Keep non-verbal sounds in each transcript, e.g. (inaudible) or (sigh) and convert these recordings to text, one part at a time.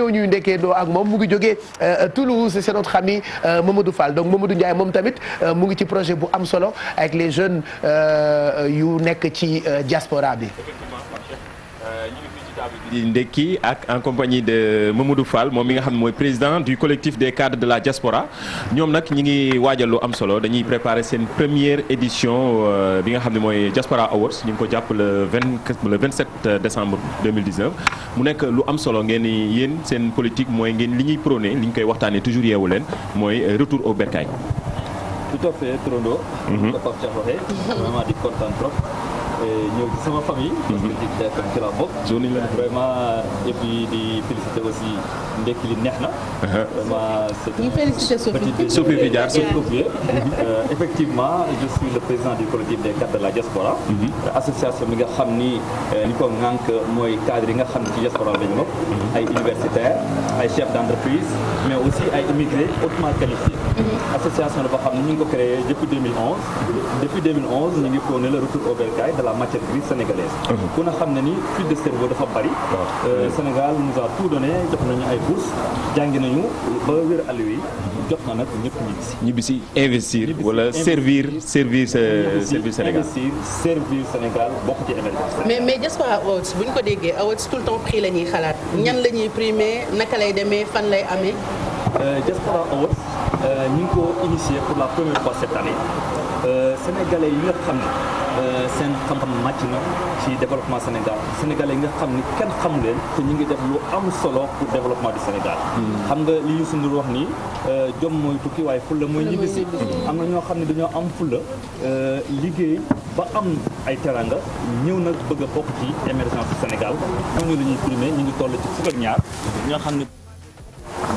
ñëw ñuy ndekkee doo ak moom mu ngi jógee euh, Toulouse c'est notre ami euh, Mamadou fal donc Mamadou Ndiaye moom tamit euh, mu ngi ci projet bu am solo avec les jeunes yu nekk ci diaspora bi ñu ngi fii ci table bi di ndekki ak en compagnie de Mamadou Fall moom mi nga xam ne mooy président du collectif des cadres de la diaspora ñoom nag ñi ngi waajal lu am solo dañuy préparer seen première édition euh, bi nga xam ne mooy Diaspora Awards ñu ngi ko jàpp le vingt le 27 décembre 2019 mu nekk lu am solo ngeen ni yéen seen politique mooy ngeen li ñuy prôné li ñu koy waxtaane toujours yeewu leen mooy retour au bercail. ñëw ci sama famille. Mhm. parce que ci DPM ci laa bokk. journée la vraiment et puis di féliciter aussi ndekki li neex na. Uh-huh. vraiment c'est une petite Sopi bi jaar Sopi effectivement je suis le président du collectif des cadres de la diaspora. Mhm. association bi nga xam ni ni euh, ko ŋànk mooy cadre yi nga xam ne ci diaspora lañu bokk. Mhm. ay universitaires ay chefs d'entreprise mais aussi ay immigrés hautement qualifiés. association la boo xam ne ñu ngi ko créé depuis 2011 depuis 2011 ñu ngi prôné le retour au bercail de la la matière grise sénégalaise. Mhm. ku na xam ne ni fuite de cerveau dafa bari. Euh, Sénégal nous a tout donné jox nañu ay bourses jàngi nañu ba wér àll yi jot nag ñibbi si. investir wala servir servir servir Sénégal investir servir Sénégal bokk ci événement. mais mais Diaspora Awards bu ñu ko déggee awards tout le temps la ñuy xalaat ñan la ñuy primé naka lay demee fan lay amee. Euh, Diaspora Awards euh, ñu ngi ko initié pour la première fois cette Euh, sénégalais yi nga xam ne euh, seen xam-xam màcc na ci développement Sénégal sénégalais yi nga xam ni kenn xamu leen te ñu ngi def lu am solo pour développement du Sénégal. Hmm. xam nga li Youssou Ndour wax nii euh, jom mooy tukki waaye fulla mooy si am na ñoo xam ne dañoo am fulla liggéey ba am ay teranga ñëw nag bëgg a bokk ci émergence Sénégal ñooñu la ñuy primé ñu ngi toll ci fukk ñaar ñoo xam ne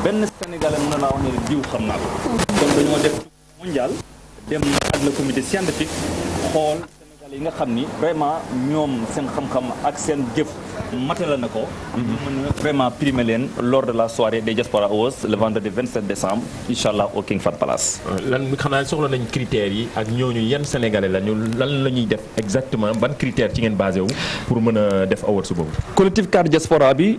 benn sénégalais mën na laa wax ne diw xam naa ko. kon dañoo def mondial. dem ak le comité scientifique xool Sénégal yi nga xam ni vraiment ñoom seen xam-xam ak seen jëf la na ko. ñu mhm. mën vraiment primé leen lors de la soirée des Diaspora Awards le vendredi 27 décembre incha allah au King Fahd Palace. Euh, lan xanaa soxla nañ critères yi ak ñooñu yan sénégalais la ñu lan la ñuy def exactement ban critère ci ngeen basé pour mën a def awards boobu. collectif CAR Diaspora bi.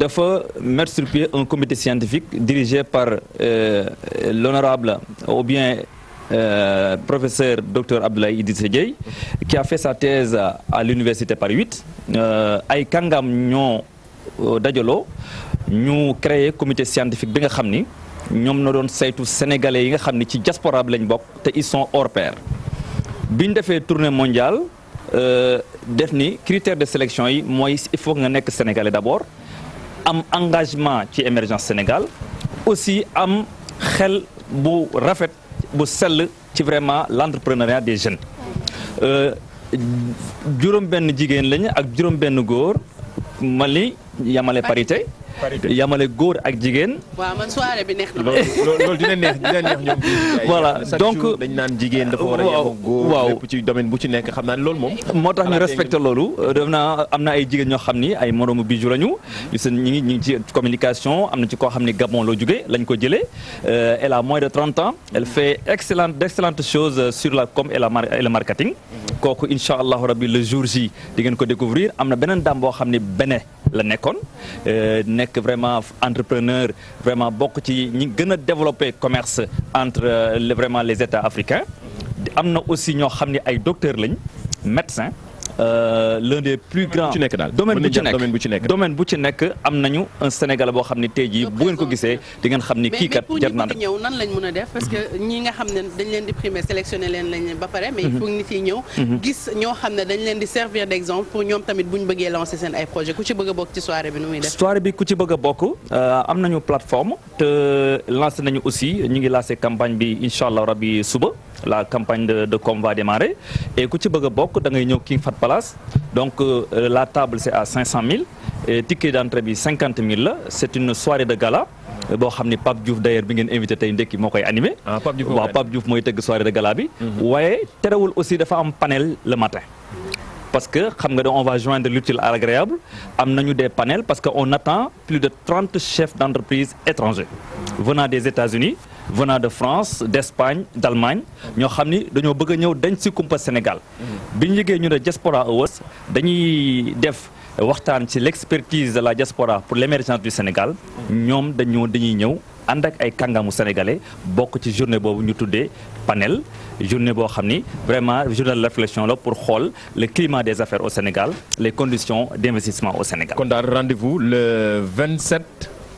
dafa mettre sur pied un comité scientifique dirigé par euh, l'honorable ou euh, professeur docteur Abdoulaye Idrissa Dieye qui a fait sa thèse à l'université Paris 8 euh, ay kàngam ñoo euh, dajaloo ñu créer comité scientifique bi nga xam ni ñoom na doon saytu sénégalais yi nga xam ni ci diaspora bi lañ bokk te ils sont hors pair bi ñu defee tournée mondiale euh, def ni critère de sélection yi mooy il faut nga nekk sénégalais d'abord am engagement ci émergence Sénégal aussi am xel bu rafet bu sell ci vraiment l' des jeunes. Euh, juróom benn jigéen lañu ak juróom benn góor Mali yamale parité. yamale góor ak jigéen. waaw man na. neex dina neex ñoom. (laughs) voilà donc dañ naan jigéen dafa war a bu ci nekk xam naa ne loolu moom. moo tax ñu respecté loolu. Euh, def naa am na ay jigéen ñoo xam ni ay moroomu bijou lañu. Mhm. seen ñi ngi ñu ngi ci communication am na ci koo xam ni Gabon loo jugee lañ ko jëlee. Euh, elle a moins de 30 ans. elle mhm. fait excellente sur la comme et la mar et le marketing. Mhm. kooku incha allahu rabbi le jour J di ngeen ko découvrir am na beneen dame boo xam ni bene. la nekkoon euh, nekk vraiment entrepreneur vraiment bokk ci ñi gën a développé commerce entre euh, vraiment les états africains am na aussi ñoo xam ni ay docteurs lañ médecins Euh, l'un des plus grands domaine bu ci nekk domaine bu ci nekk bu ci nekk am nañu un Sénégalais boo xam ne tey jii bu ngeen ko gisee di ngeen xam ni kii kat jar naa ñëw nan lañ mën a def parce que ñi nga xam ne dañ leen di primer sélectionné leen lañ leen ba pare mais il mhm. faut nit ñëw mhm. gis ñoo xam ne dañ leen di servir d'exemple pour ñoom tamit bu ñu bëggee lancer seen ay projet ku ci bëgg a bokk ci soirée bi nu muy def soirée bi ku ci bëgg bokk euh, am nañu plateforme te lancé nañu aussi ñu ngi lancé campagne bi incha allah rabbi suba la campagne de de com va démarrer et ku ci bëgg a bokk da ñëw King Fahd Palace donc euh, la table c'est à 500000 et ticket d'entrée bi 50000 la c'est une soirée de gala. Euh, boo xam ni Pape Diouf d'ailleurs bi ngeen invité tey ndekki moo koy animé. Ah, waaw Pape Diouf mooy tëgg soirée de gala bi. Mhm. waaye terewul aussi dafa am panel le matin. parce que xam nga on va joindre l'utile à l'agréable am nañu des panels parce que on attend plus de trente chefs d'entreprise étrangers venant des États-Unis venant de France d'Espagne d'Allemagne ñoo xam ni dañoo bëgg a ñëw dañ si kumpa Sénégal bi ñu liggéey ñu ne Diaspora Awards dañuy def waxtaan ci l'expertise de la diaspora pour l'émergence du Sénégal ñoom dañoo dañuy ñëw ànd ak ay kàngamu sénégalais bokk ci journée boobu ñu tuddee panel journée boo xam ni vraiment journée de réflexion la pour xool le climat des affaires au Sénégal les conditions d'investissement au Sénégal. kon daal rendez-vous le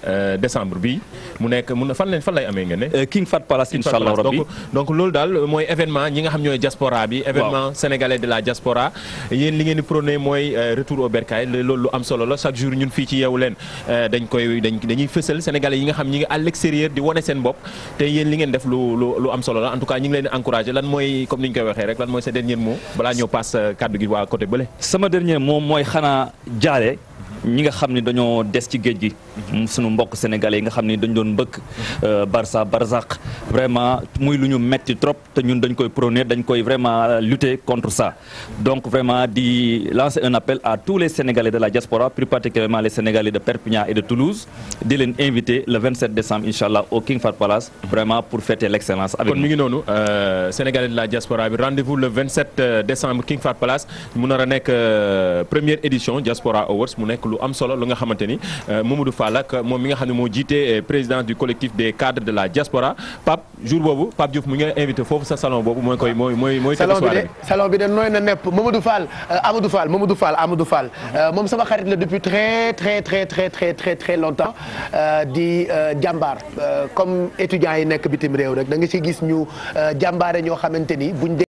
Euh, décembre bi mu nekk mun na fan leen fan lay amee ngeen ne. Euh, King Fat Palace incha allah rabbi donc loolu daal mooy événement ñi nga xam ñooy diaspora bi. événement sénégalais de la diaspora. yéen li ngeen di prôné mooy euh, retour jour fii ci yeewu leen dañ koy dañ yi nga xam ñi ngi à l'extérieur di wane seen bopp te yéen li ngeen def lu am solo la en tout cas ñi ngi leen di lan mooy comme ni koy waxee rek lan mooy sa dernier mot mooy xanaa jaale ñi nga xam ni dañoo des ci géej gi mhm. sunu mbokk sénégal yi nga xam ni dañ doon mbëkk mhm. euh, barça barzaq vraiment muy lu ñu metti trop te ñun dañ koy prôner dañ koy vraiment lutter contre ça donc vraiment di lancer un appel à tous les Sénégalais de la diaspora plus particulièrement les Sénégalais leen inviter le 27 décembre incha allah au King Fahd Palace vraiment pour fêter l' excellence. avec kon mi ngi noonu euh, Sénégalais de la diaspora bi le 27 euh, décembre King Fahd Palace mu nar a nekk euh, première édition diaspora awards mu nekk lu am solo lu nga xamante ni Mamadou Fall ak moom mi nga xam ne moo jiite président du collectif des cadres de la diaspora Pape jour boobu Pape Diouf mu ngi invité foofu sa salon boobu mooy koy mooy mooy mooy salon bi de salon bi de nooy na nepp Mamadou Fall euh, Amadou Fall euh, moom sama xarit la depuis très très très très très très longtemps euh, di jàmbaar comme étudiants yi nekk bitim réew rek da nga si gis ñu jàmbaare ñoo xamante ni buñ